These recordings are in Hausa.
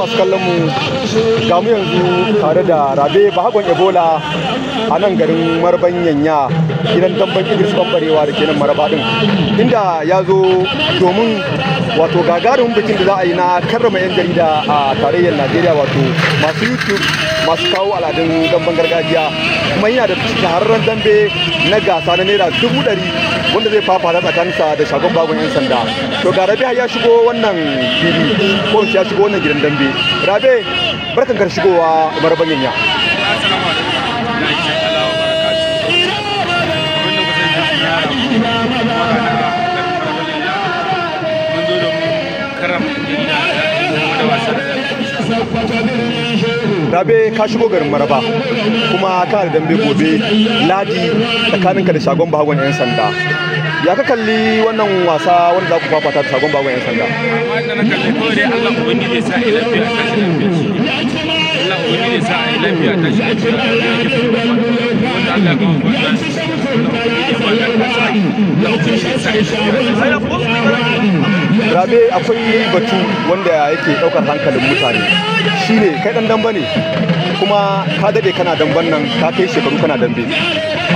masu kallon mu ga mu yanzu tare da rabe bahagon ebola a nan garin marban yanya gidan damban idris bambarewa da ke nan maraba din inda ya zo domin wato Gagarin bikin da za a yi na karrama 'yan jarida a tarayyar najeriya wato masu youtube masu kawo al'adun gamban gargajiya kuma yana da shahararren dambe na gasa na naira dubu ɗari wanda zai fafata tsakaninsa da shagon bagon 'yan sanda to ga rabe ya shigo wannan fili ko ya shigo wannan gidan dambe rabe barkan shigowa marabanyan ya rabe ka shigo garin maraba kuma ka da dambe gobe ladi tsakaninka da shagon bahagon 'yan sanda ya ka kalli wannan wasa wanda za ku fafata da shagon bahagon 'yan sanda allah ubangiji sa ta shi ta shi rabe akwai batu wanda yake ɗaukar hankalin mutane shine kai dan damba ne kuma ka dade kana damban nan ka kai shekaru kana dambe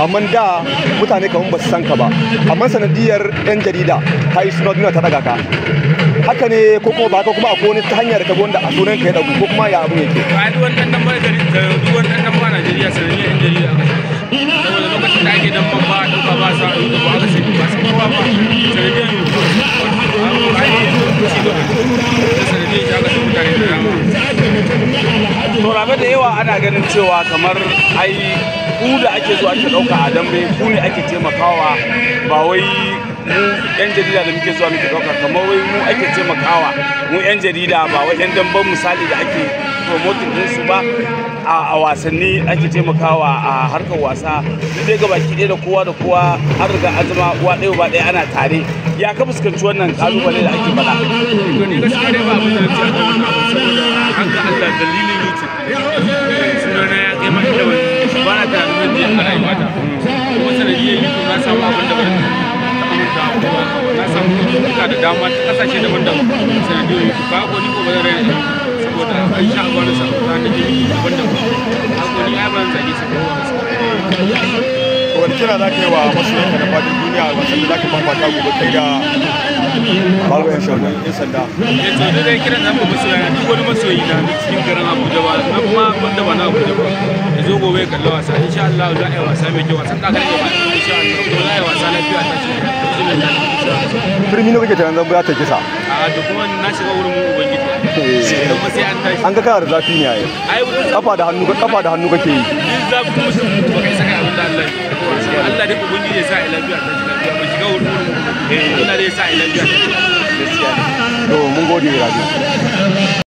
amma da mutane kamar ba su san ka ba amma sanadiyar 'yan jarida ta yi suna duniya ta daga ka haka ne ko kuma ba ka kuma akwai wani ta hanyar ka wanda a sunan ka ya dagu ko kuma ya abu yake a duk wannan dan ba Najeriya sanadiyar 'yan jarida saboda lokacin da ake damban ba gobe da yawa ana ganin cewa kamar ai ku da ake zuwa ake ɗauka a dambe ku ne ake taimakawa ba wai mu yan jarida da muke zuwa muke ɗauka kamar wai mu ake taimakawa mu yan jarida ba wai yan damben misali da ake promoting ɗinsu ba a wasanni ake taimakawa a harkar wasa duk dai gabaki ɗaya da kowa da kowa an riga azuma uwa ɗaya ba ɗaya ana tare ya ka fuskanci wannan kalubale da ake faɗa. sunana ya kai mata wani ba na ta zan je ana yi kuma yi da dama a kasashe daban-daban sanadiyar yi ba ko ni ko ba zan rai saboda an sha agwarin sa kira za ka yi wa masoyanka da fadin duniya a wasan da za ka fafata gobe kai da balwayan shagun yan sanda. ya eh, to da dai kiran zama masoya duk wani masoyi na cikin garin abuja ba na kuma wanda ba na abuja ba ya zo gobe kalla kalli wasa insha Allah za a yi wasa mai kyau wasan kakar gaba insha Allah to za a yi wasa lafiya ta ce firmino kake tunanin zan ta kisa. a to kuma na shiga wurin mu ubangiji an ga kana da zafi ne yayi kafa da hannu kafa da hannu kake yi in ba kai saka abin da Allah Allah dai ubangiji ya sa ta lafiya ba shiga wurin eh ya sa to mun gode rabi